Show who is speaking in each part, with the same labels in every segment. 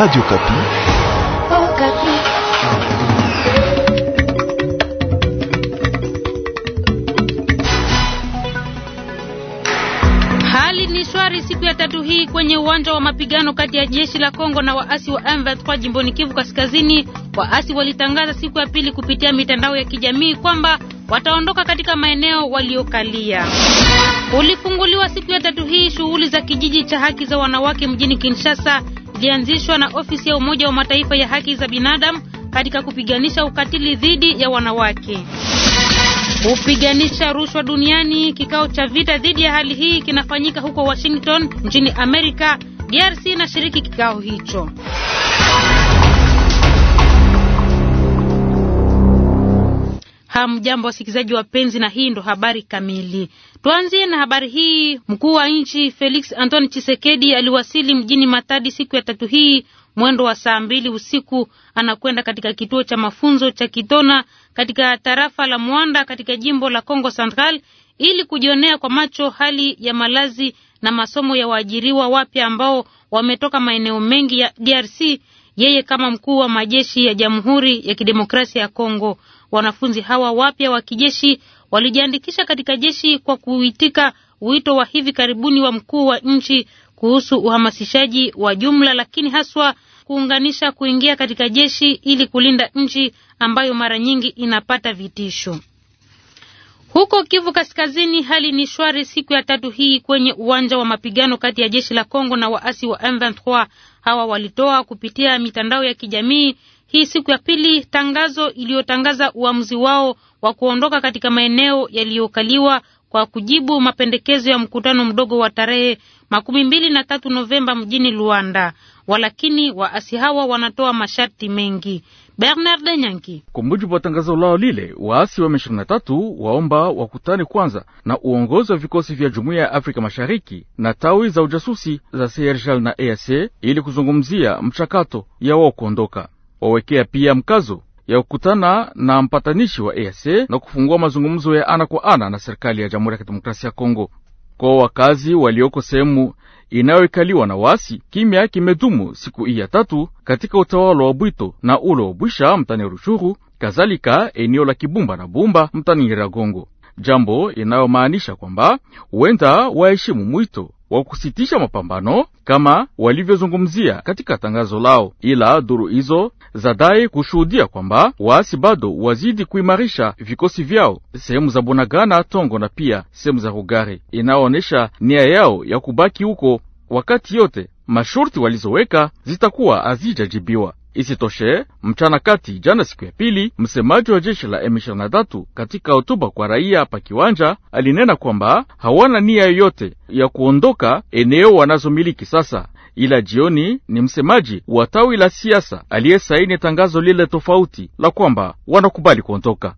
Speaker 1: Radio Kapi.
Speaker 2: Oh, Kapi.
Speaker 3: Hali ni shwari siku ya tatu hii kwenye uwanja wa mapigano kati ya jeshi la Kongo na waasi wa M23 jimboni Kivu Kaskazini. Waasi walitangaza siku ya pili kupitia mitandao ya kijamii kwamba wataondoka katika maeneo waliokalia. Ulifunguliwa siku ya tatu hii shughuli za kijiji cha haki za wanawake mjini Kinshasa ilianzishwa na ofisi ya Umoja wa Mataifa ya haki za binadamu katika kupiganisha ukatili dhidi ya wanawake. Kupiganisha rushwa duniani, kikao cha vita dhidi ya hali hii kinafanyika huko Washington nchini Amerika. DRC inashiriki kikao hicho. Hamjambo wasikilizaji wapenzi, na hii ndo habari kamili. Tuanzie na habari hii. Mkuu wa nchi Felix Antoine Chisekedi aliwasili mjini Matadi siku ya tatu hii mwendo wa saa mbili usiku. Anakwenda katika kituo cha mafunzo cha Kitona katika tarafa la Mwanda katika jimbo la Congo Central ili kujionea kwa macho hali ya malazi na masomo ya waajiriwa wapya ambao wametoka maeneo mengi ya DRC, yeye kama mkuu wa majeshi ya Jamhuri ya Kidemokrasia ya Kongo. Wanafunzi hawa wapya wa kijeshi walijiandikisha katika jeshi kwa kuitika wito wa hivi karibuni wa mkuu wa nchi kuhusu uhamasishaji wa jumla, lakini haswa kuunganisha kuingia katika jeshi ili kulinda nchi ambayo mara nyingi inapata vitisho. Huko Kivu Kaskazini hali ni shwari siku ya tatu hii kwenye uwanja wa mapigano kati ya jeshi la Kongo na waasi wa M23. Hawa walitoa kupitia mitandao ya kijamii hii siku ya pili tangazo iliyotangaza uamuzi wao wa kuondoka katika maeneo yaliyokaliwa kwa kujibu mapendekezo ya mkutano mdogo wa tarehe makumi mbili na tatu Novemba mjini Luanda. Walakini waasi hawa wanatoa masharti mengi. Bernard Nyanki.
Speaker 4: Kwa mujibu wa tangazo lao lile, waasi wa M23 waomba wakutane kwanza na uongozi wa vikosi vya Jumuiya ya Afrika Mashariki na tawi za ujasusi za CERJAL na EAC ili kuzungumzia mchakato ya wao kuondoka wawekea pia mkazo ya kukutana na mpatanishi wa EAC na kufungua mazungumzo ya ana kwa ana na serikali ya Jamhuri ya Kidemokrasia ya Kongo. Kwa wakazi walioko sehemu inayoikaliwa na wasi kimya kimedumu siku hii ya tatu katika utawala wa Bwito na ulo wa Bwisha mtani Rushuru, kadhalika eneo la Kibumba na Bumba mtani Nyiragongo, jambo inayomaanisha kwamba huenda waheshimu mwito wa kusitisha mapambano kama walivyozungumzia katika tangazo lao, ila duru hizo zadai kushuhudia kwamba waasi bado wazidi kuimarisha vikosi vyao sehemu za Bunagana, Tongo na pia sehemu za Rugari. Inaonyesha nia yao ya kubaki huko wakati yote, masharti walizoweka zitakuwa hazijajibiwa. Isitoshe, mchana kati jana, siku ya pili, msemaji wa jeshi la M23 katika hotuba kwa raia pa kiwanja alinena kwamba hawana nia yoyote ya kuondoka eneo wanazomiliki sasa ila jioni ni msemaji wa tawi la siasa aliyesaini tangazo lile tofauti la kwamba wanakubali kuondoka.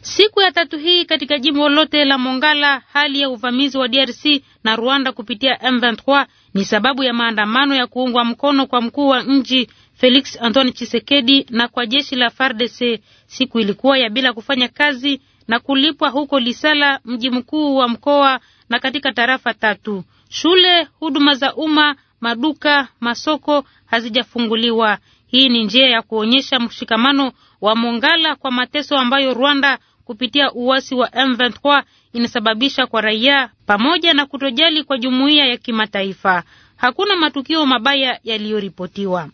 Speaker 3: Siku ya tatu hii katika jimbo lote la Mongala, hali ya uvamizi wa DRC na Rwanda kupitia M23 ni sababu ya maandamano ya kuungwa mkono kwa mkuu wa nchi Felix Antoine Chisekedi na kwa jeshi la FARDC. Siku ilikuwa ya bila kufanya kazi na kulipwa huko Lisala, mji mkuu wa mkoa na katika tarafa tatu. Shule, huduma za umma, maduka, masoko hazijafunguliwa. Hii ni njia ya kuonyesha mshikamano wa Mongala kwa mateso ambayo Rwanda kupitia uasi wa M23 inasababisha kwa raia pamoja na kutojali kwa jumuiya ya kimataifa. Hakuna matukio mabaya yaliyoripotiwa.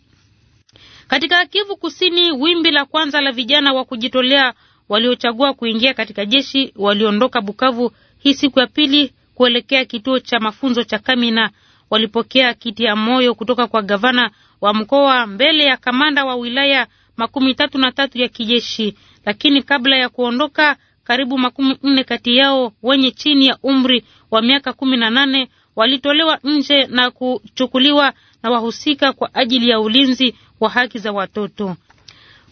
Speaker 3: Katika Kivu Kusini, wimbi la kwanza la vijana wa kujitolea waliochagua kuingia katika jeshi waliondoka Bukavu hii siku ya pili kuelekea kituo cha mafunzo cha Kamina. Walipokea kiti ya moyo kutoka kwa gavana wa mkoa mbele ya kamanda wa wilaya makumi tatu na tatu ya kijeshi. Lakini kabla ya kuondoka, karibu makumi nne kati yao wenye chini ya umri wa miaka kumi na nane walitolewa nje na kuchukuliwa na wahusika kwa ajili ya ulinzi wa haki za watoto.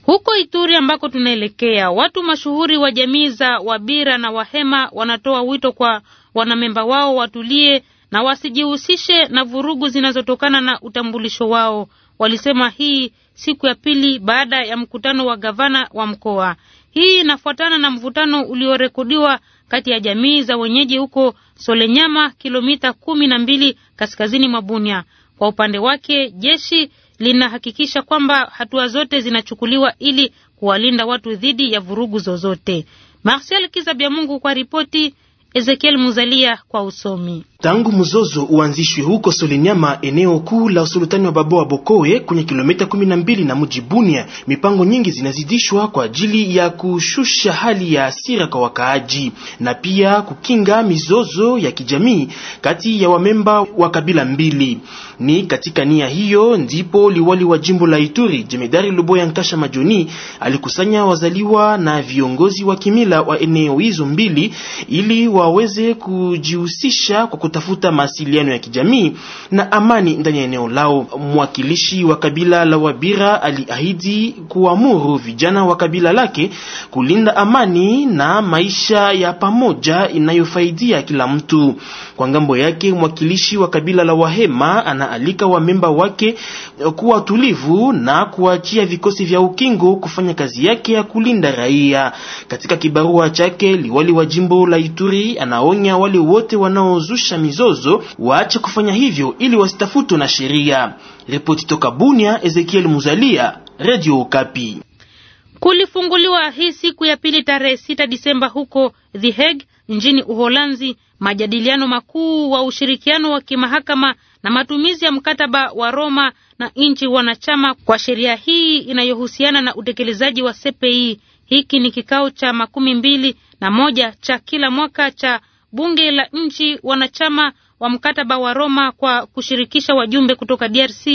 Speaker 3: Huko Ituri ambako tunaelekea, watu mashuhuri wa jamii za Wabira na Wahema wanatoa wito kwa wanamemba wao watulie na wasijihusishe na vurugu zinazotokana na utambulisho wao. Walisema hii siku ya pili baada ya mkutano wa gavana wa mkoa. Hii inafuatana na mvutano uliorekodiwa kati ya jamii za wenyeji huko Solenyama, kilomita kumi na mbili kaskazini mwa Bunia. Kwa upande wake jeshi linahakikisha kwamba hatua zote zinachukuliwa ili kuwalinda watu dhidi ya vurugu zozote. Marcel Kizabiamungu kwa ripoti, Ezekiel Muzalia kwa usomi.
Speaker 5: Tangu mzozo uanzishwe huko Solinyama, eneo kuu la usultani wa Baboa Bokoe, kwenye kilomita 12 na mji Bunia, mipango nyingi zinazidishwa kwa ajili ya kushusha hali ya asira kwa wakaaji na pia kukinga mizozo ya kijamii kati ya wamemba wa kabila mbili. Ni katika nia hiyo ndipo liwali wa jimbo la Ituri, jemedari Luboya Nkasha Majoni, alikusanya wazaliwa na viongozi wa kimila wa eneo hizo mbili ili waweze kujihusisha kwa kutafuta mawasiliano ya kijamii na amani ndani ya eneo lao. Mwakilishi wa kabila la Wabira aliahidi kuamuru vijana wa kabila lake kulinda amani na maisha ya pamoja inayofaidia kila mtu. Kwa ngambo yake, mwakilishi wa kabila la Wahema anaalika wamemba wake kuwa tulivu na kuachia vikosi vya ukingo kufanya kazi yake ya kulinda raia. Katika kibarua chake, liwali wa jimbo la Ituri anaonya wale wote wanaozusha kusuluhisha mizozo waache kufanya hivyo ili wasitafutwe na sheria. Ripoti toka Bunia, Ezekiel Muzalia, Radio Okapi.
Speaker 3: Kulifunguliwa hii siku ya pili tarehe sita Disemba huko The Hague nchini Uholanzi majadiliano makuu wa ushirikiano wa kimahakama na matumizi ya mkataba wa Roma na nchi wanachama kwa sheria hii inayohusiana na utekelezaji wa CPI. Hiki ni kikao cha makumi mbili na moja cha kila mwaka cha bunge la nchi wanachama wa mkataba wa Roma kwa kushirikisha wajumbe kutoka DRC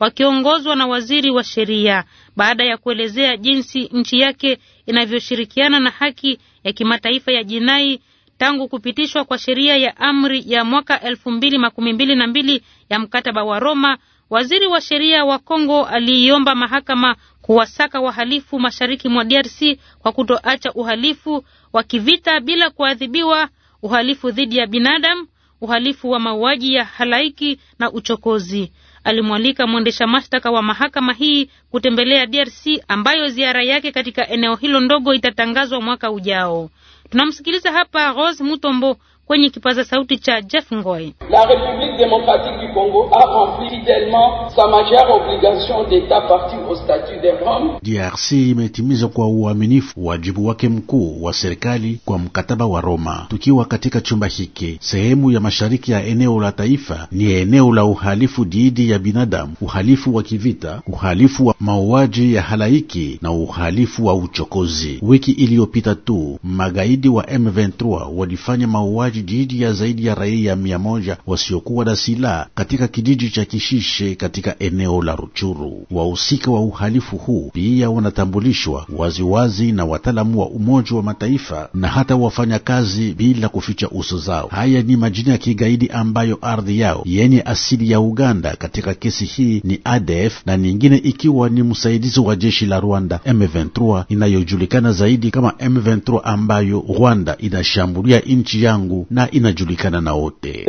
Speaker 3: wakiongozwa na waziri wa sheria baada ya kuelezea jinsi nchi yake inavyoshirikiana na haki ya kimataifa ya jinai tangu kupitishwa kwa sheria ya amri ya mwaka elfu mbili makumi mbili na mbili ya mkataba wa Roma. Waziri wa sheria wa Kongo aliiomba mahakama kuwasaka wahalifu mashariki mwa DRC kwa kutoacha uhalifu wa kivita bila kuadhibiwa uhalifu dhidi ya binadamu, uhalifu wa mauaji ya halaiki na uchokozi. Alimwalika mwendesha mashtaka wa mahakama hii kutembelea DRC ambayo ziara yake katika eneo hilo ndogo itatangazwa mwaka ujao. Tunamsikiliza hapa Rose Mutombo kwenye kipaza sauti cha Jeff Ngoi.
Speaker 5: La République démocratique du Congo a rempli fidèlement sa majeure obligation d'état parti au statut des Roms.
Speaker 6: DRC imetimiza kwa uaminifu wajibu wake mkuu wa serikali kwa mkataba wa Roma. Tukiwa katika chumba hiki, sehemu ya mashariki ya eneo la taifa ni eneo la uhalifu dhidi ya binadamu, uhalifu wa kivita, uhalifu wa mauaji ya halaiki na uhalifu wa uchokozi. Wiki iliyopita tu magaidi wa M23 walifanya mauaji vijiji ya zaidi ya raia mia moja wasiokuwa na silaha katika kijiji cha Kishishe katika eneo la Ruchuru. Wahusika wa uhalifu huu pia wanatambulishwa waziwazi na wataalamu wa Umoja wa Mataifa na hata wafanyakazi bila kuficha uso zao. Haya ni majina ya kigaidi ambayo ardhi yao yenye asili ya Uganda katika kesi hii ni ADF na nyingine ikiwa ni msaidizi wa jeshi la Rwanda M23 inayojulikana zaidi kama M23 ambayo Rwanda inashambulia nchi yangu na inajulikana
Speaker 4: na wote.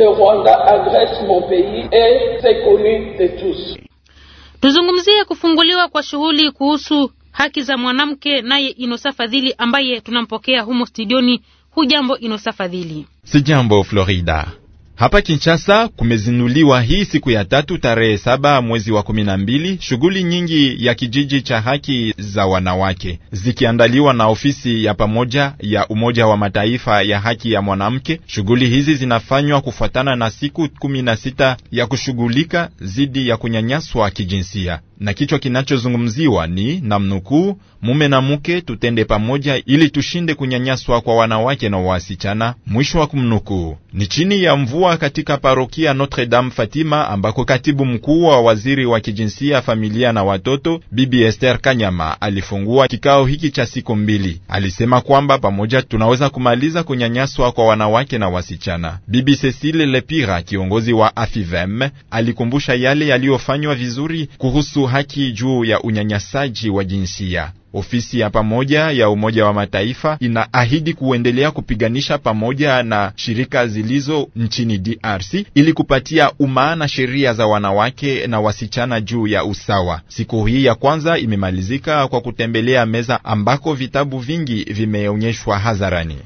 Speaker 3: Tuzungumzie kufunguliwa kwa shughuli kuhusu haki za mwanamke naye Inosa Fadhili ambaye tunampokea humo studioni. Hujambo Inosa Fadhili?
Speaker 1: Sijambo Florida. Hapa Kinshasa kumezinuliwa hii siku ya tatu tarehe saba mwezi wa kumi na mbili shughuli nyingi ya kijiji cha haki za wanawake zikiandaliwa na ofisi ya pamoja ya Umoja wa Mataifa ya haki ya mwanamke. Shughuli hizi zinafanywa kufuatana na siku kumi na sita ya kushughulika dhidi ya kunyanyaswa kijinsia na kichwa kinachozungumziwa ni namnukuu, mume na mke tutende pamoja ili tushinde kunyanyaswa kwa wanawake na wasichana, mwisho wa kumnukuu. Ni chini ya mvua katika parokia Notre Dame Fatima, ambako katibu mkuu wa waziri wa kijinsia, familia na watoto Bibi Esther Kanyama alifungua kikao hiki cha siku mbili. Alisema kwamba pamoja tunaweza kumaliza kunyanyaswa kwa wanawake na wasichana. Bibi Cecile Lepira, kiongozi wa AFIVEM, alikumbusha yale yaliyofanywa vizuri kuhusu haki juu ya unyanyasaji wa jinsia. Ofisi ya pamoja ya Umoja wa Mataifa inaahidi kuendelea kupiganisha pamoja na shirika zilizo nchini DRC ili kupatia umaana sheria za wanawake na wasichana juu ya usawa. Siku hii ya kwanza imemalizika kwa kutembelea meza ambako vitabu vingi vimeonyeshwa hadharani.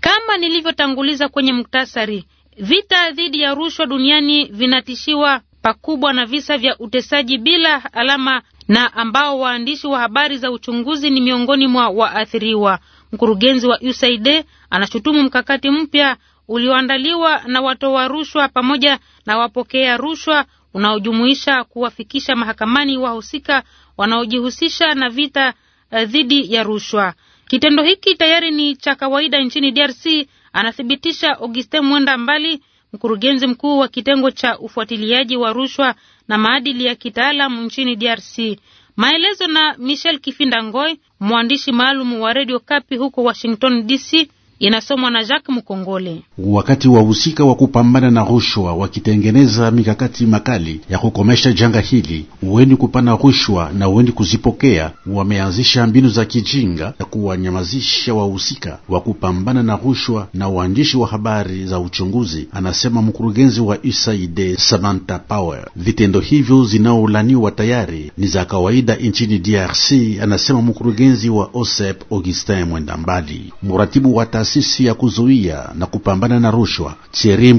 Speaker 3: Kama nilivyotanguliza kwenye muktasari Vita dhidi ya rushwa duniani vinatishiwa pakubwa na visa vya utesaji bila alama na ambao waandishi wa habari za uchunguzi ni miongoni mwa waathiriwa. Mkurugenzi wa USAID anashutumu mkakati mpya ulioandaliwa na watoa rushwa pamoja na wapokea rushwa unaojumuisha kuwafikisha mahakamani wahusika wanaojihusisha na vita eh, dhidi ya rushwa. Kitendo hiki tayari ni cha kawaida nchini DRC, anathibitisha Augustin Mwenda Mbali, mkurugenzi mkuu wa kitengo cha ufuatiliaji wa rushwa na maadili ya kitaalamu nchini DRC. Maelezo na Michel Kifinda ngoi mwandishi maalum wa Radio Kapi huko Washington DC. Inasomwa na Jacques Mukongole.
Speaker 6: Wakati wahusika wa kupambana na rushwa wakitengeneza mikakati makali ya kukomesha janga hili, uweni kupana rushwa na uweni kuzipokea, wameanzisha mbinu za kijinga ya kuwanyamazisha wahusika wa kupambana na rushwa na uandishi wa habari za uchunguzi, anasema mkurugenzi wa USAID Samantha Power. Vitendo hivyo zinaolaniwa tayari ni za kawaida nchini DRC, anasema mkurugenzi wa OSEP Augustin Mwendambali, mratibu wa taasisi ya kuzuia na kupambana na rushwa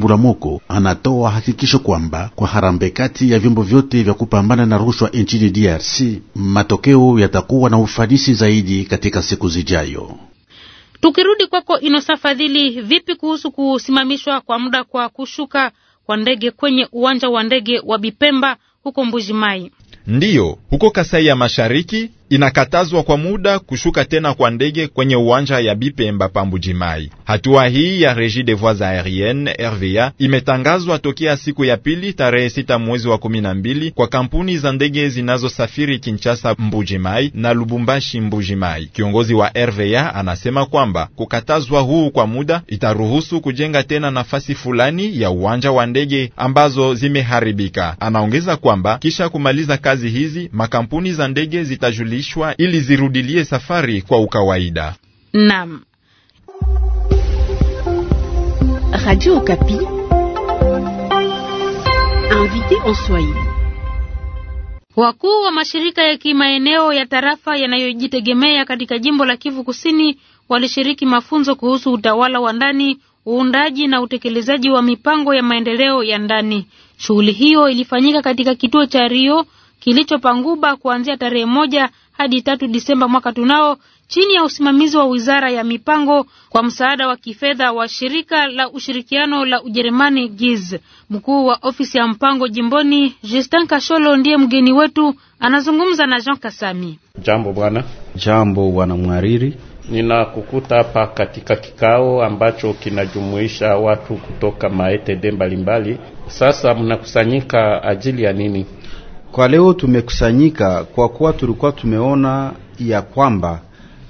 Speaker 6: la Moko anatoa hakikisho kwamba kwa harambe kati ya vyombo vyote vya kupambana na rushwa nchini DRC matokeo yatakuwa na ufanisi zaidi katika siku zijayo.
Speaker 3: Tukirudi kwako Inosafadhili, vipi kuhusu kusimamishwa kwa muda kwa kushuka kwa ndege kwenye uwanja wa ndege wa Bipemba huko Mbuji Mai?
Speaker 1: Ndiyo, huko Kasai ya Mashariki inakatazwa kwa muda kushuka tena kwa ndege kwenye uwanja ya Bipemba Pambujimai. Hatua hii ya Regie des Voies Aeriennes RVA imetangazwa tokea siku ya pili tarehe sita mwezi wa kumi na mbili kwa kampuni za ndege zinazosafiri Kinshasa Mbujimai na Lubumbashi Mbujimai. Kiongozi wa RVA anasema kwamba kukatazwa huu kwa muda itaruhusu kujenga tena nafasi fulani ya uwanja wa ndege ambazo zimeharibika. Anaongeza kwamba kisha kumaliza kazi hizi makampuni za ndege zitajuli kubadilishwa ili zirudilie safari kwa ukawaida.
Speaker 3: Naam. Radio Okapi. Invité en Swahili. Wakuu wa mashirika ya kimaeneo ya tarafa yanayojitegemea katika jimbo la Kivu Kusini walishiriki mafunzo kuhusu utawala wa ndani, uundaji na utekelezaji wa mipango ya maendeleo ya ndani. Shughuli hiyo ilifanyika katika kituo cha Rio kilichopanguba kuanzia tarehe moja hadi tatu Disemba mwaka tunao chini ya usimamizi wa Wizara ya Mipango kwa msaada wa kifedha wa shirika la ushirikiano la Ujerumani GIZ. Mkuu wa ofisi ya mpango jimboni Justin Kasholo ndiye mgeni wetu, anazungumza na Jean Kasami.
Speaker 2: Jambo bwana. Jambo bwana mwariri Ninakukuta hapa katika kikao ambacho kinajumuisha watu kutoka maetede mbalimbali. Sasa mnakusanyika ajili ya nini? Kwa leo tumekusanyika kwa kuwa tulikuwa tumeona ya kwamba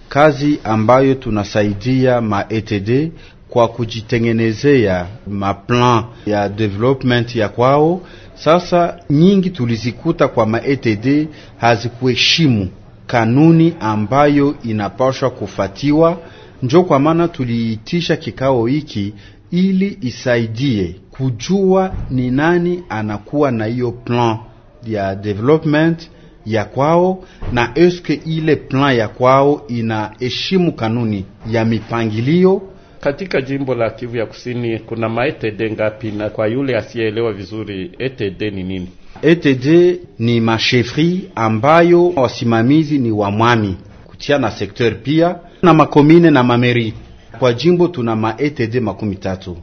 Speaker 2: kazi ambayo tunasaidia ma ETD kwa kujitengenezea mapla ya development ya kwao, sasa nyingi tulizikuta kwa ma ETD hazikuheshimu kanuni ambayo inapaswa kufatiwa. Njo kwa maana tuliitisha kikao hiki ili isaidie kujua ni nani anakuwa na hiyo plan ya development ya kwao na eske ile plan ya kwao inaheshimu kanuni ya mipangilio katika jimbo la Kivu ya Kusini kuna maetd ngapi? Na kwa yule asiyeelewa vizuri, etd ni nini? Etd ni mashefri ambayo wasimamizi ni wamwami kutia na sekteur pia na makomine na mameri. Kwa jimbo tuna maetd makumi tatu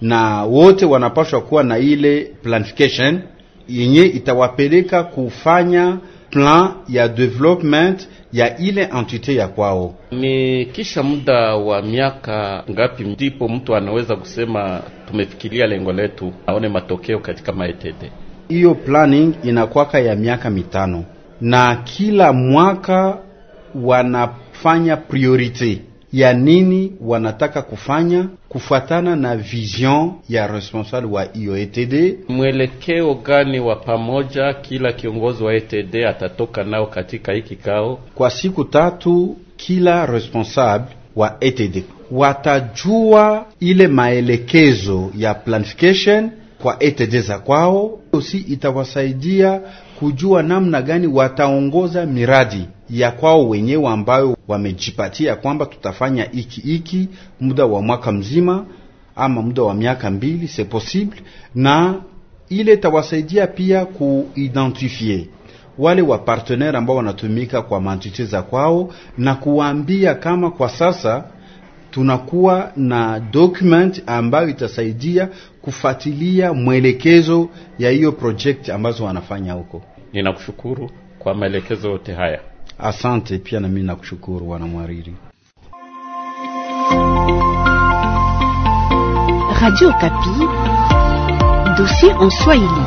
Speaker 2: na wote wanapaswa kuwa na ile planification yenye itawapeleka kufanya plan ya development ya ile entité ya kwao. Ni kisha muda wa miaka ngapi ndipo mtu anaweza kusema tumefikiria lengo letu, aone matokeo katika maetete? Hiyo planning inakwaka ya miaka mitano, na kila mwaka wanafanya priority ya nini wanataka kufanya kufuatana na vision ya responsable wa hiyo ETD. Mwelekeo gani wa pamoja kila kiongozi wa ETD atatoka nao katika hii kikao kwa siku tatu? Kila responsable wa ETD watajua ile maelekezo ya planification kwa ETD za kwao, osi itawasaidia kujua namna gani wataongoza miradi ya kwao wenyewe ambayo wamejipatia kwamba tutafanya iki iki muda wa mwaka mzima ama muda wa miaka mbili, c'est possible, na ile tawasaidia pia kuidentifie wale wa partenaire ambao wanatumika kwa mantite za kwao na kuwaambia kama kwa sasa tunakuwa na document ambayo itasaidia kufuatilia mwelekezo ya hiyo project ambazo wanafanya huko. Ninakushukuru kwa maelekezo yote haya. Asante pia na mimi nakushukuru bwana mwariri.
Speaker 3: Radio Okapi, dossier en Swahili.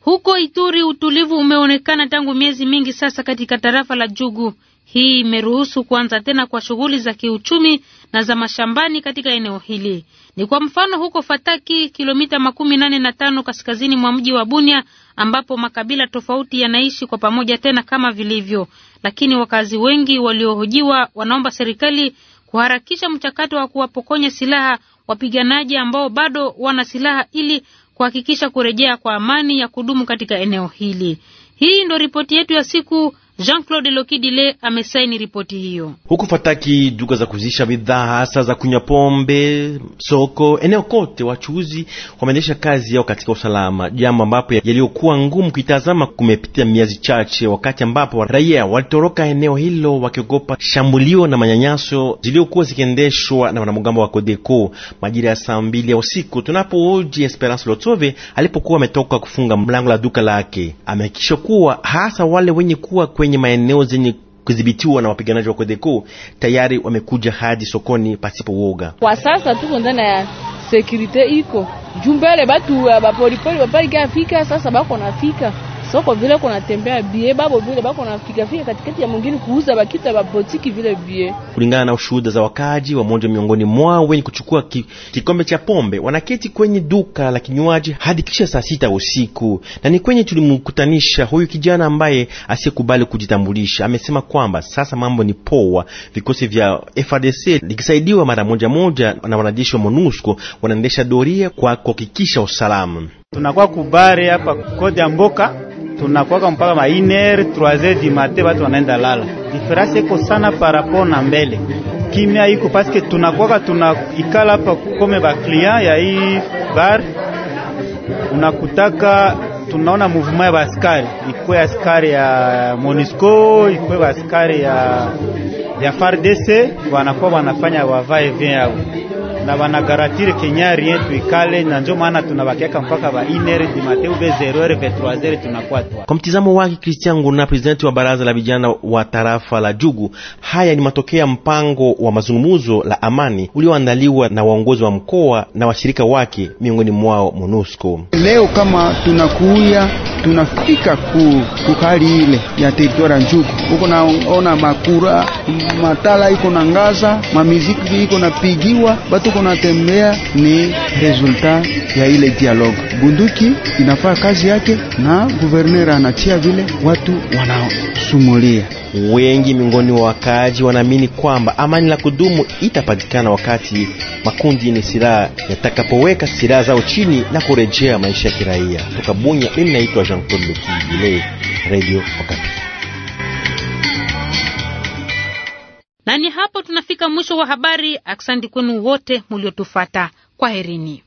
Speaker 3: Huko Ituri utulivu umeonekana tangu miezi mingi sasa katika tarafa la Jugu. Hii imeruhusu kuanza tena kwa shughuli za kiuchumi na za mashambani katika eneo hili. Ni kwa mfano huko Fataki, kilomita makumi nane na tano kaskazini mwa mji wa Bunia, ambapo makabila tofauti yanaishi kwa pamoja tena kama vilivyo, lakini wakazi wengi waliohojiwa wanaomba serikali kuharakisha mchakato wa kuwapokonya silaha wapiganaji ambao bado wana silaha ili kuhakikisha kurejea kwa amani ya kudumu katika eneo hili. Hii ndo ripoti yetu ya siku. Jean-Claude Lokidile amesaini ripoti hiyo.
Speaker 7: Huku Fataki, duka za kuzisha bidhaa hasa za kunywa pombe, soko, eneo kote wachuuzi wameendesha kazi yao katika usalama, jambo ambapo yaliyokuwa ngumu kuitazama kumepitia miezi chache, wakati ambapo raia walitoroka eneo hilo wakiogopa shambulio na manyanyaso zilizokuwa zikiendeshwa na wanamgambo wa Kodeko majira ya saa mbili ya usiku, tunapooji Esperance Lotove alipokuwa ametoka kufunga mlango la duka lake. Amehakikisha kuwa hasa wale wenye kuwa kwenye kwenye maeneo zenye kudhibitiwa na wapiganaji wa Kodeko tayari wamekuja hadi sokoni pasipo woga
Speaker 3: Kwa sasa tuko ndani ya
Speaker 5: sekurite iko jumbele batu bapolipoli bapalika afika sasa bako nafika soko vile kunatembea bie babo vile bako fika katikati ya mwingine kuuza bakita babotiki vile
Speaker 7: bie. Kulingana na ushuhuda za wakaji wa moja, miongoni mwao wenye kuchukua ki, kikombe cha pombe wanaketi kwenye duka la kinywaji hadi kisha saa sita usiku, na ni kwenye tulimkutanisha huyu kijana ambaye asiyekubali kujitambulisha. Amesema kwamba sasa mambo ni poa, vikosi vya frdc likisaidiwa mara moja moja na wanajeshi wa MONUSCO wanaendesha doria kwa kuhakikisha usalama.
Speaker 2: Tunakuwa kubare hapa kodi ya mboka tunakwaka mpaka mainer 3h du matin watu wanaenda lala. Diferansi iko sana parapo na mbele kimya iko paske tunakwaka tunaikala hapa kome ba client ya hii bar, unakutaka tunaona muvuma ya basikari ikwe askari ya Monisco ikwe askari ya ya FARDC wanakuwa wanafanya wavae vien na banagaratire kenya rien tuikale, na ndio maana tunabakiaka mpaka ba inere di mateu be 0h 23 tunakuwa tunakwatwa.
Speaker 7: Kwa mtizamo wake Christian Nguna, presidenti wa baraza la vijana wa tarafa la Jugu, haya ni matokeo ya mpango wa mazungumzo la amani ulioandaliwa na waongozi wa mkoa na washirika wake, miongoni mwao MONUSCO.
Speaker 2: Leo kama tunakuya tunafika ku, kukali ile ya teritoria Njugu huko, naona makura matala iko na ngaza, mamiziki iko napigiwa batu tuko natembea ni resulta ya ile dialogue. Bunduki inafaa kazi yake, na guvernera anatia vile watu wanasumulia. Wengi miongoni mwa wakaaji
Speaker 7: wanaamini kwamba amani la kudumu itapatikana wakati makundi yenye silaha yatakapoweka silaha zao chini na kurejea maisha ya kiraia. Toka Bunya, mimi naitwa Jean Claude Lokidile, Radio Okapi.
Speaker 3: Na ni hapo tunafika mwisho wa habari. Asante kwenu wote muliotufata. Kwaherini.